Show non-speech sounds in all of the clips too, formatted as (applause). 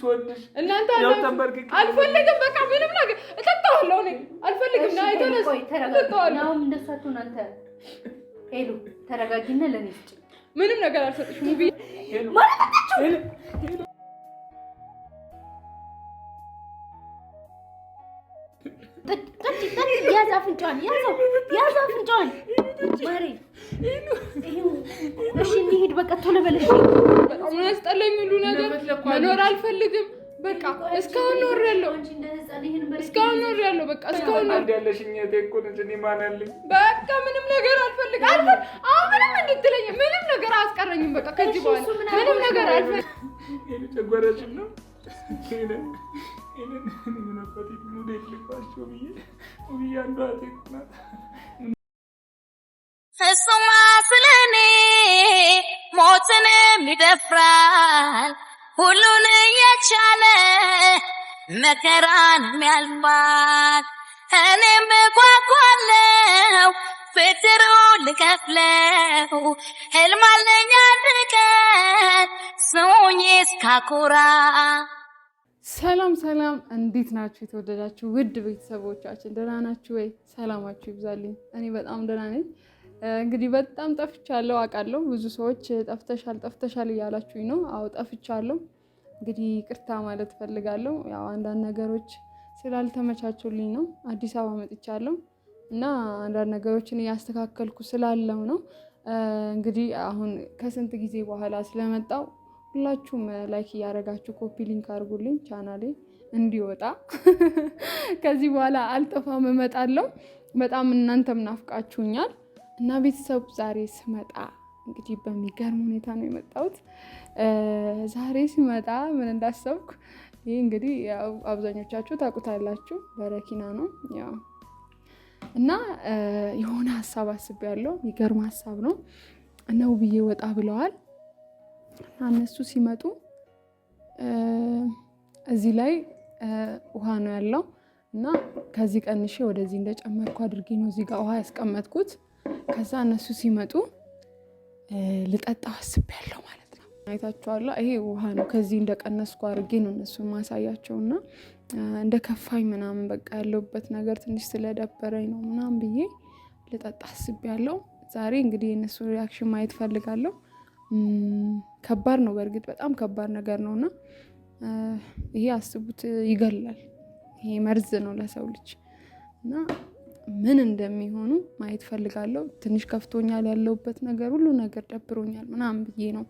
ስወድሽ እናንተ አልፈልግም። በቃ ምንም ነገር እጠጣዋለሁ። እኔ አልፈልግም። ና የተነሱ እጠጣዋለሁ። አሁን እንደሳትሆን ሄሉ ተረጋጊና ለኔ ምንም ነገር አልሰጥሽም። ሙቢ ያዝ አፍንጫዋን፣ ያዘው፣ ያዝ አፍንጫዋን ማሬ። እሺ እንሂድ፣ በቃ ቶሎ በለሽ። በጣም ያስጠላኝ ሁሉ ነገር መኖር አልፈልግም። በቃ እስካሁን ኖር ያለው እስካሁን ኖር ያለው በቃ እስካሁን ኖር በቃ ምንም ነገር አልፈልግ አልፈልግ። አሁን ምንም እንድትለኝ ምንም ነገር አያስቀረኝም። በቃ ከዚህ በኋላ ምንም ነገር አልፈልግ። እሱማ ስለኔ ሞትን ይደፍራል ሁሉን የቻለ መከራን የሚያልፋት እኔም እጓጓለው ፍትሩን ልከፍለው ህልማለኛ ድቀት ስሙኝ እስካኮራ ሰላም ሰላም፣ እንዴት ናችሁ? የተወደዳችሁ ውድ ቤተሰቦቻችን ደህና ናችሁ ወይ? ሰላማችሁ ይብዛልኝ። እኔ በጣም ደህና ነኝ። እንግዲህ በጣም ጠፍቻለሁ አውቃለሁ። ብዙ ሰዎች ጠፍተሻል ጠፍተሻል እያላችሁኝ ነው። አዎ ጠፍቻለሁ። እንግዲህ ቅርታ ማለት ፈልጋለሁ ያው አንዳንድ ነገሮች ስላልተመቻቹልኝ ነው። አዲስ አበባ መጥቻለሁ እና አንዳንድ ነገሮችን እያስተካከልኩ ስላለው ነው። እንግዲህ አሁን ከስንት ጊዜ በኋላ ስለመጣው ሁላችሁም ላይክ እያደረጋችሁ ኮፒ ሊንክ አድርጉልኝ ቻናሌ እንዲወጣ። (laughs) ከዚህ በኋላ አልጠፋም እመጣለሁ። በጣም እናንተም ናፍቃችሁኛል እና ቤተሰብ ዛሬ ስመጣ እንግዲህ በሚገርም ሁኔታ ነው የመጣሁት። ዛሬ ሲመጣ ምን እንዳሰብኩ ይህ እንግዲህ አብዛኞቻችሁ ታውቁታላችሁ፣ በረኪና ነው ያው እና የሆነ ሀሳብ አስቤያለሁ። የሚገርም ሀሳብ ነው። እነ ውብዬ ወጣ ብለዋል እነሱ ሲመጡ እዚህ ላይ ውሃ ነው ያለው እና ከዚህ ቀንሼ ወደዚህ እንደጨመርኩ አድርጌ ነው እዚህ ጋር ውሃ ያስቀመጥኩት። ከዛ እነሱ ሲመጡ ልጠጣው አስቤያለሁ ማለት ነው። አይታችኋለሁ። ይሄ ውሃ ነው። ከዚህ እንደቀነስኩ አድርጌ ነው እነሱ ማሳያቸው እና እንደ ከፋኝ ምናምን በቃ ያለሁበት ነገር ትንሽ ስለደበረኝ ነው ምናምን ብዬ ልጠጣ አስቤያለሁ። ዛሬ እንግዲህ የእነሱ ሪያክሽን ማየት ፈልጋለሁ። ከባድ ነው። በእርግጥ በጣም ከባድ ነገር ነው እና ይሄ አስቡት፣ ይገላል። ይሄ መርዝ ነው ለሰው ልጅ እና ምን እንደሚሆኑ ማየት ፈልጋለሁ። ትንሽ ከፍቶኛል፣ ያለውበት ነገር ሁሉ ነገር ደብሮኛል ምናምን ብዬ ነው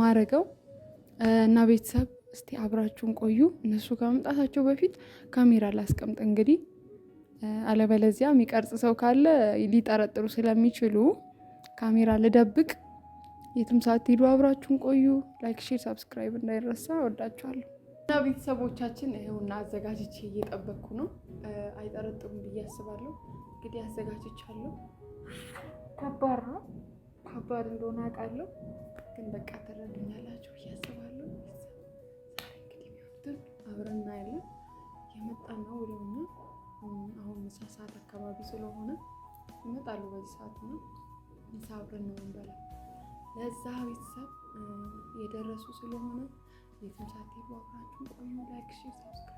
ማረገው እና ቤተሰብ እስቲ አብራችሁን ቆዩ። እነሱ ከመምጣታቸው በፊት ካሜራ ላስቀምጥ እንግዲህ አለበለዚያ የሚቀርጽ ሰው ካለ ሊጠረጥሩ ስለሚችሉ ካሜራ ልደብቅ የትም ሳትሄዱ አብራችሁን ቆዩ። ላይክ፣ ሼር፣ ሳብስክራይብ እንዳይረሳ። ወዳችኋለሁ እና ቤተሰቦቻችን ይኸውና አዘጋጅቼ እየጠበቅኩ ነው። አይጠረጥሩም ብዬ አስባለሁ። እንግዲህ አዘጋጅቻለሁ። ከባድ ነው፣ ከባድ እንደሆነ አውቃለሁ፣ ግን በቃ ተረዱኛላችሁ ብዬ አስባለሁ። እንግዲህ አብረን እናያለን። ነው ወደኛ አሁን ምሳ ሰዓት አካባቢ ስለሆነ ይመጣሉ። በዚህ ሰዓት ነው ምሳ አብረን ነው ለዛ ቤተሰብ የደረሱ ስለሆነ የትም ሳትሄዱ ቆዩ። ላይክ፣ ሼር፣ ሰብስክራይብ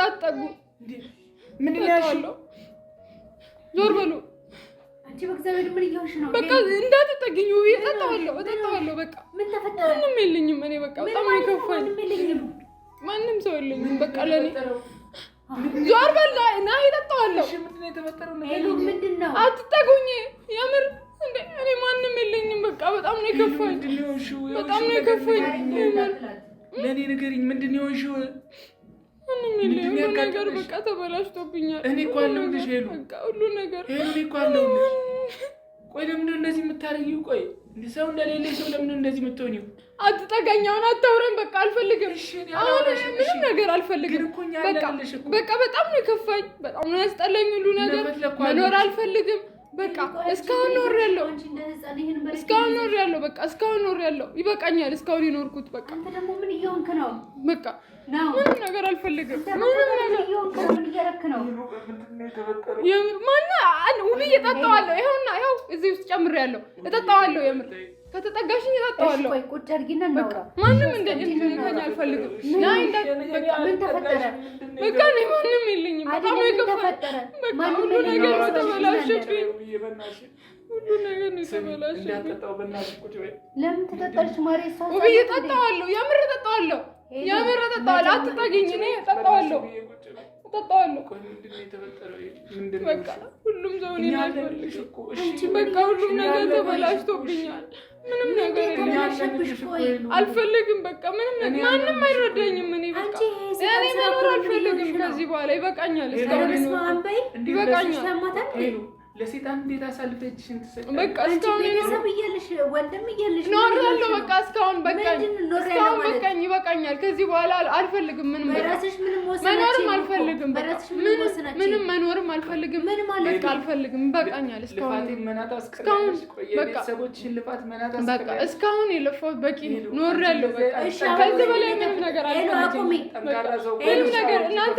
እንዳትጠጉ። ምንድን ነው ዞር በሉ። በቃ እንዳትጠግኝ። እጠጣዋለሁ፣ እጠጣዋለሁ። በቃ ማንም የለኝም እኔ በቃ በጣም ይከፋል። ማንም ሰው የለኝም በቃ ለእኔ ዞር በል እና እጠጣዋለሁ። አትጠጉኝ የምር እንደ እኔ ማንም የለኝም በቃ በጣም ነው የከፋኝ፣ በጣም ነው የከፋኝ። ለእኔ ንገሪኝ፣ ምንድን ነው የሆንሽው? ነገር በቃ ተበላሽቶብኛል። እኔ እኮ አለሁልሽ ሄሉ፣ ሁሉ ነገር ሄሉ፣ እኔ እኮ አለሁልሽ። (laughs) ቆይ ለምንድን እንደዚህ የምታረጊው? ቆይ ሰው እንደሌለ ሰው ለምንድን እንደዚህ የምትሆኚው? አትጠጋኝ፣ አታውረን። በቃ አልፈልግም፣ አሁን ምንም ነገር አልፈልግም። በቃ በጣም ነው የከፋኝ፣ በጣም ነው ያስጠላኝ። ሁሉ ነገር መኖር አልፈልግም። በቃ እስካሁን ኖር ያለው እስካሁን ኖር ያለው በቃ እስካሁን ኖር ያለው ይበቃኛል። እስካሁን የኖርኩት በቃ በቃ ምንም ነገር አልፈልግም። ውብ እጠጣዋለሁ። ይኸውና ይኸው እዚህ ውስጥ ጨምሬያለሁ። እጠጣዋለሁ። የምር ከተጠጋሽኝ እጠጣዋለሁ። ማንም እንደኛ አልፈልግም። ማንም የለኝም። በጣም ሁሉ ነገር ተበላሸብኝ። ሁሉ ነገር ነው የተበላሸብኝ። ውብዬ እጠጣዋለሁ። የምር እጠጣዋለሁ የምር እጠጣዋለሁ። አትታገኝ፣ እኔ እጠጣዋለሁ፣ ሁሉም ሰው በቃ ሁሉም ነገር ተበላሽቶብኛል። ምንም ነገር አልፈልግም። በቃ ምንም ነገር ማንም አይረዳኝም። እኔ በቃ እኔ መኖር አልፈልግም ከዚህ በኋላ ይበቃኛል። እስካሁን ይበቃኛል። ለሴጣን እንዴት አሳልፈችሽን ትሰጣለሽ? በቃ እስካሁን ቤተሰብ እያለሽ ወንድም እያለሽ ኖራለሁ። በቃ እስካሁን በቃኝ፣ እስካሁን በቃኝ፣ ይበቃኛል። ከዚህ በኋላ አልፈልግም፣ ምንም መኖርም አልፈልግም፣ ምንም መኖርም አልፈልግም፣ በቃ አልፈልግም፣ ይበቃኛል። እስካሁን በቃ እስካሁን የለፋሁት በቂ ነው፣ ኖራለሁ። በቃ ከዚህ በላይ ምንም ነገር አልፈልግም፣ ምንም ነገር እናንተ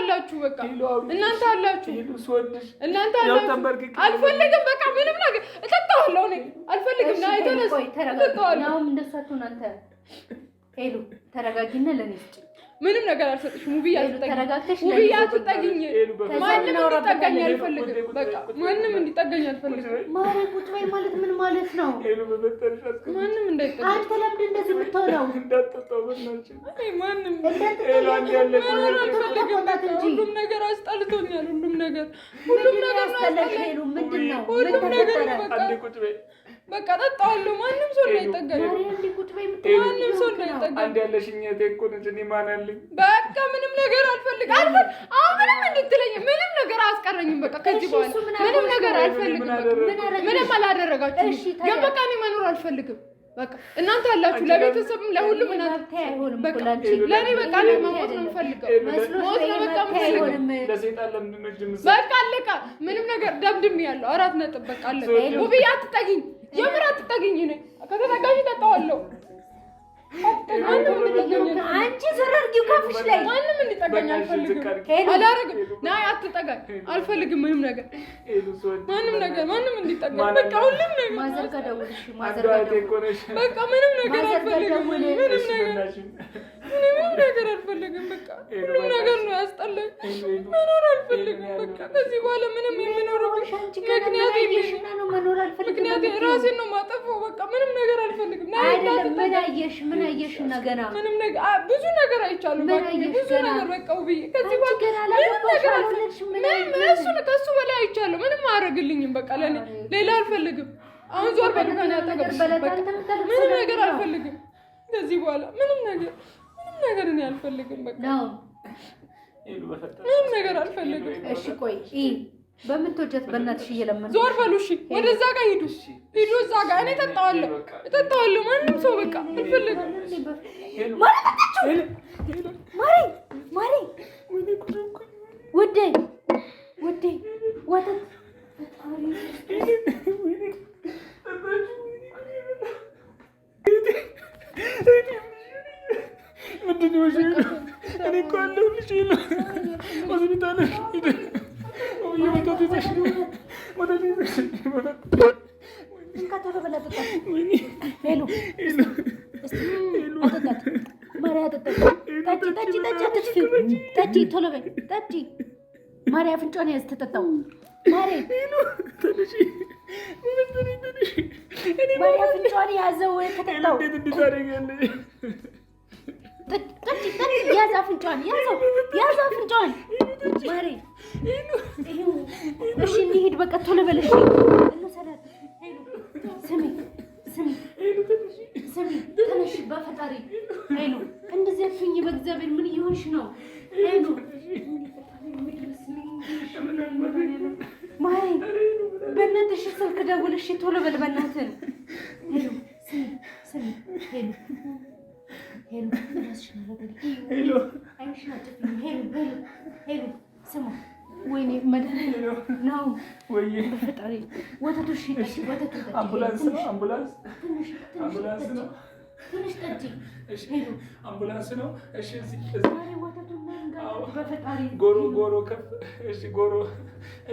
አላችሁ፣ በቃ እናንተ አላችሁ፣ እናንተ አላችሁ አልፈልግም። በቃ ምንም ነገር እጠጣዋለሁ። እኔ አልፈልግም። ና ናሁም አንተ ሄሉ ተረጋጊና ለኔ ስጭ ምንም ነገር አልሰጥሽም። ውብዬ አትጠጊኝ፣ ውብዬ አትጠጊኝ። ማንም እንዲጠጋኝ አልፈልግም። በቃ ማንም እንዲጠጋኝ አልፈልግም። ማሬ ቁጭ በይ ማለት ምን ማለት ነው? ማንም እንዳይጠጋኝ። አንተ ለምንድን ሁሉም ነገር ሁሉም ነገር ሁሉም ነገር ነው። በቃ ጠጣዋለሁ። ማንም ሰው እንዳይጠጋኝ፣ ማንም ሰው እንዳይጠጋኝ። አንድ ያለሽኝ ማን አለኝ። በቃ ምንም ነገር አልፈልግም። አሁን ምንም እንድትለኝ ምንም ነገር አስቀረኝም። በቃ ከዚህ በኋላ ምንም ነገር አልፈልግም። ምንም አላደረጋችሁ፣ ግን በቃ እኔ መኖር አልፈልግም። በቃ እናንተ ያላችሁ ለቤተሰብም ለሁሉም እናንተ ለእኔ በቃ መሞት ነው የምፈልገው። ሞት ነው በቃ የምፈልገው። በቃ አለቃ ምንም ነገር ደምድም ያለው አራት ነጥብ በቃ አለቃ። ውብዬ አትጠጊኝ በተጠጋሽ እጠጣዋለሁ። አንቺ ዞር አድርጊው ከፍሽ ላይ ማንም እንዲጠጋኝ አልፈልግም። አላረግም ናይ አትጠጋኝ አልፈልግም። ምንም ነገር ማንም ነገር ማንም እንዲጠጋኝ በቃ ሁሉም ነገር ማዘር ጋር ደውልሽ ማዘር ጋር ደውልሽ በቃ ምንም ነገር አልፈልግም። ምንም ነገር ምንም ነገር አልፈልግም። በቃ ሁሉም ነገር ነው ያስጠላኝ። መኖር አልፈልግም። በቃ ከዚህ በኋላ ምንም የምኖረው ምክንያት ራሴን ነው ማጠፋው። በቃ ምንም ነገር አልፈልግም። ምን አየሽ? ምን አየሽ? እና ምንም ምንም ነገር ብዙ ነገር አይቻልም። ብዙ ነገር በቃ ውብዬ ከዚህ እሱን ከሱ በላይ አይቻልም። ምንም አያደርግልኝም። በቃ ለእኔ ሌላ አልፈልግም። አሁን ዞር በል ከአጠገብሽ። ምንም ነገር አልፈልግም። ከዚህ በኋላ ምንም ነገር ምንም ነገር እኔ አልፈልግም። በቃ ምንም ነገር አልፈልግም። እሺ ቆይ በምትወጀት በእናትሽ እየለመን ዞር በሉ። እሺ፣ ወደዛ ጋር ሂዱ፣ ሂዱ እዛ ጋር እኔ እጠጣዋለሁ፣ እጠጣዋለሁ። ማንም ሰው በቃ ማሪ ነው የተጠጣው። ፍንጫን ያዘው የተጠጣው። ያዛ ፍንጫን ያዘው፣ ያዛ ፍንጫን ማሬ። እሺ እንሂድ፣ በቃ ቶሎ በለሽ። ስሚ ስሚ ስሚ፣ ተነሽ በፈጣሪ ሄሉ፣ እንደዚህ አትሁኚ በእግዚአብሔር። ምን እየሆንሽ ነው ሄሉ? ማይ በእናትሽ ስልክ ደውልሽ ቶሎ በል በእናትህ። ስማ ወይኔ መድኃኒት ነው። ወይኔ ወተቱ እሺ፣ ወተቱ ነው ትንሽ ጠጪ። አምቡላንስ ነው። እሺ፣ እዚህ ጎሮ ጎሮ ከፍ። እሺ፣ ጎሮ።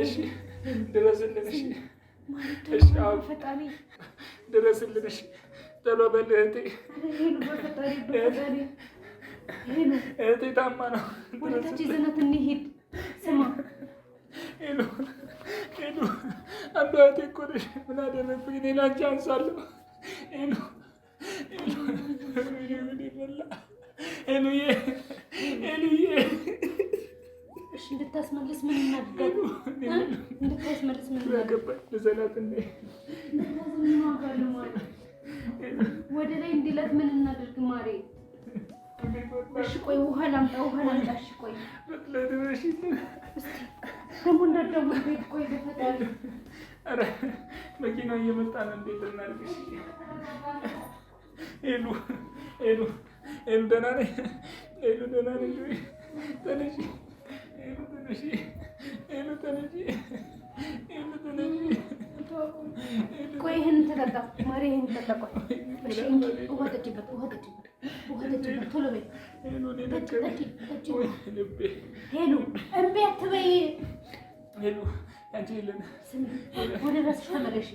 እሺ፣ ድረስልን። እሺ፣ እሺ፣ ድረስልን። እሺ፣ ቶሎ በል እህቴ፣ እህቴ ታማ ነው። ወደታች ይዘናት እንሂድ። ስማ ሄሎ፣ ሄሎ፣ አንዷ እህቴ እኮ ነሽ። ምን አደረግኩኝ እኔ ላንቺ አንሳለሁ። ሄሎ እንድታስመልስ ምን እናድርጋለን? ምን ወደ ላይ እንዲለት ምን እናድርግ? ማሬ እሺ፣ ቆይ ውሃ ላምጣ፣ ውሃ ላምጣ። እሺ፣ ቆይ ደግሞ እንዳትደውልበት። ቆይ በፈጣሪ መኪናው እየመጣ ነው። እንዴት እናድርግ? ሄሉ ሄሉ ሄሉ ደህና ነኝ። ሄሉ ደህና ነኝ። ተነሺ ሄሉ ተነሺ ሄሉ ተነሺ ሄሉ ተነሺ። ቆይ ይሄን ተጠጣ ማሪ፣ ይሄን ተጠጣ። እሺ ውሃ ጠጪበት፣ ውሃ ጠጪበት፣ ውሃ ጠጪበት። ቶሎ በይ ሄሉ። እምቢ አትበይ ሄሉ። አንቺ ሄለን ወደ ራስሽ ተመለሽ፣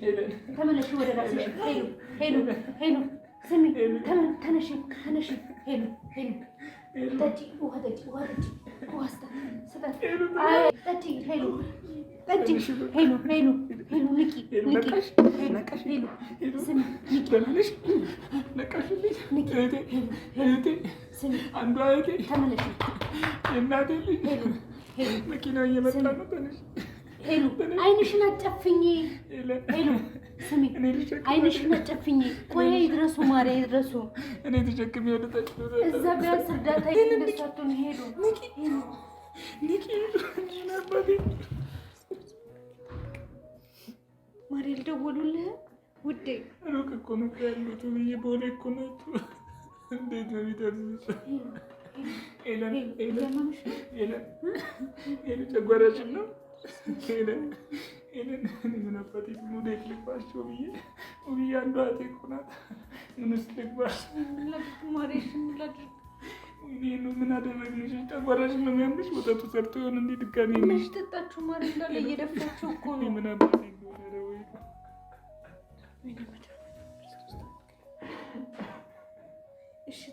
ተመለሽ ወደ ራስሽ ሄሉ ሄሉ ሄሉ ስሚ ተነሽ፣ ተነሽ ሄሉ ሄሉ ጠጪ፣ ውሃ ጠጪ፣ ውሃ ጠጪ፣ ውሃ ስጠጪ፣ ጠጪ ሄሉ ጠጪ ሄሉ ሄሉ ሄሉ ንቂ ንቂ ሄሉ ስሚ ተመለሽ፣ ነቃሽ እህቴ፣ ስሚ አንዷ እህቴ ተመለሽ፣ እናቴ ሄሉ ሄሉ መኪናው እየመጣ ነው ተነሽ ሄሉ አይንሽን አጨፍኝ። ሄሉ ስሚ፣ አይንሽን አጨፍኝ። ቆይ ይድረሱ፣ ማርያ ይድረሱ። እኔ ተሸክሜ ወደ ታች እዛ ቢያንስ እርዳታ ይነሳቱን። ሄሉ ማርያ አልደወሉልህ ውዴ? ሩቅ እኮ ነው ያሉት ብዬ በሆነ እኮ ናቸው። እንዴት ነው የሚደርሱት? ጨጓራሽን ነው ምን አደረግንሽ? ጨጓራሽ ነው የሚያምሽ? ወተቱ ሰርቶ ይሆን እንዴ? ድጋሚ ነሽ ጠጣችሁ ማለት እንዳለ እየደፋችሁ እኮ ነው። ምን አባቴ ሆነ ወይ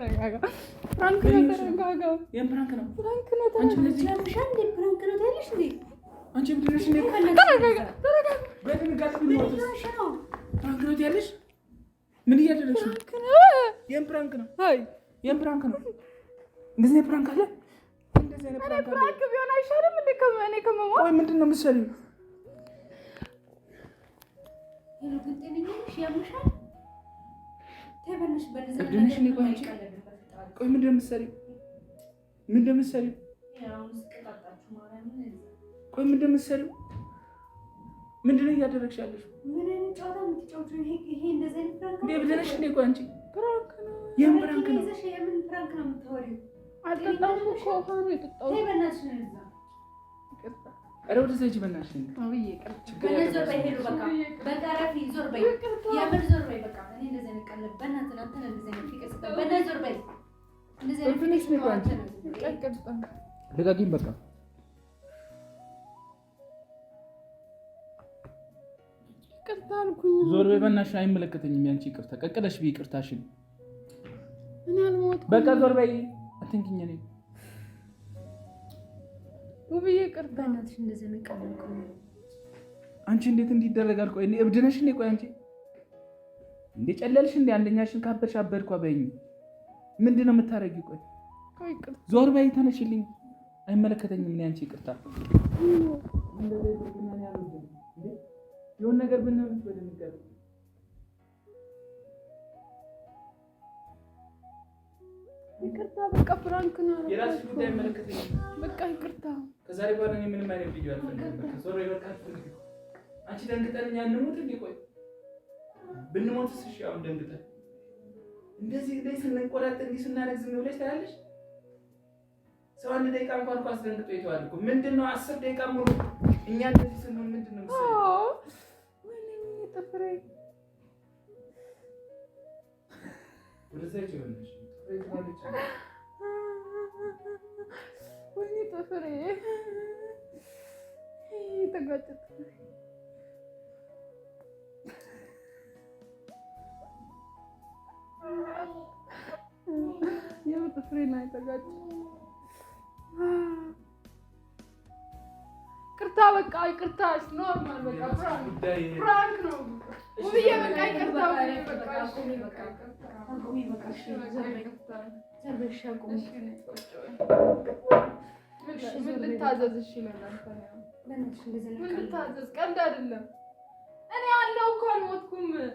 ተረጋጋ። ፍራንክ ነው፣ ተረጋጋ። የፍራንክ ነው፣ ፍራንክ ነው። ያለሽ ምን ነው? የፍራንክ እንደዚህ ነው አለ። እንደዚህ ነው ቢሆን አይሻልም? እንደ ከመኔ ከመማ ወይ ምንድን ነው የምትሰሪው? ቆይ ምን እንደምትሰሪው ምን ምንድን ነው እያደረግሽ ያለሽ? ብደነሽ እንዴ? ቆይ አንቺ የምን ፕራንክ ነው? አልጠጣም እኮ ውሃ ነው የጠጣሁት። ኧረ ወደዛ ሂጂ በእናትሽ። አለብህ። እንደዚህ ፍቅር እንደዚህ አይነት በቃ ይቅርታ አልኩኝ። ዞር በይ በእናትሽ፣ አይመለከተኝም ያንቺ ይቅርታ። ቀቅለሽ ብይ ይቅርታሽን። በቃ ዞር በይ አትንኪኝ። እኔ ውብዬ ይቅርታ። በእናትሽ እንደዚህ አንቺ እንዴት እንዲደረጋል? ቆይ እብድ ነሽ እንዴ? ቆይ አንቺ እንዴ ጨለልሽ? እንደ አንደኛሽን ካበድሽ አበድኳ በይኝ። ምንድን ነው የምታደርጊው? ቆይ ዞር በይ ተነሽልኝ። አይመለከተኝም። እኔ አንቺ ይቅርታ የሆነ ነገር ይቅርታ በቃ ፍራንክ ነው። የራስሽ ጉዳይ አይመለከተኝም። በቃ ይቅርታ። ከዛሬ በኋላ ምንም አይነት ቪዲዮ አልፈልግም። ዞር በይ በቃ። አንቺ ደንግጠልኛ እንሙት እንዲቆይ ብንሞትስ? እሺ አሁን ደንግጠን እንደዚህ ላይ ስንንቆራጥ እንዲህ ስናደርግ ዝም ብለሽ ሰው አንድ ደቂቃ እንኳን እንኳን አስደንግጦ ይተዋል እኮ ምንድን ነው? አስር ደቂቃ ሙሉ እኛ እንደዚህ ስንሆን ምንድን ነው ጥፍሬ የጥፍሬና የተጋጭ ቅርታ በቃ ይቅርታ፣ ኖርማል በቃ ፍራንክ ነው። ውብዬ አይደለም። እኔ አለው እኮ አልሞትኩም።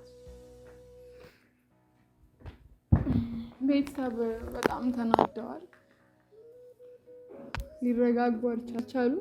ቤተሰብ በጣም ተናደዋል። ሊረጋጉ አልቻሉ።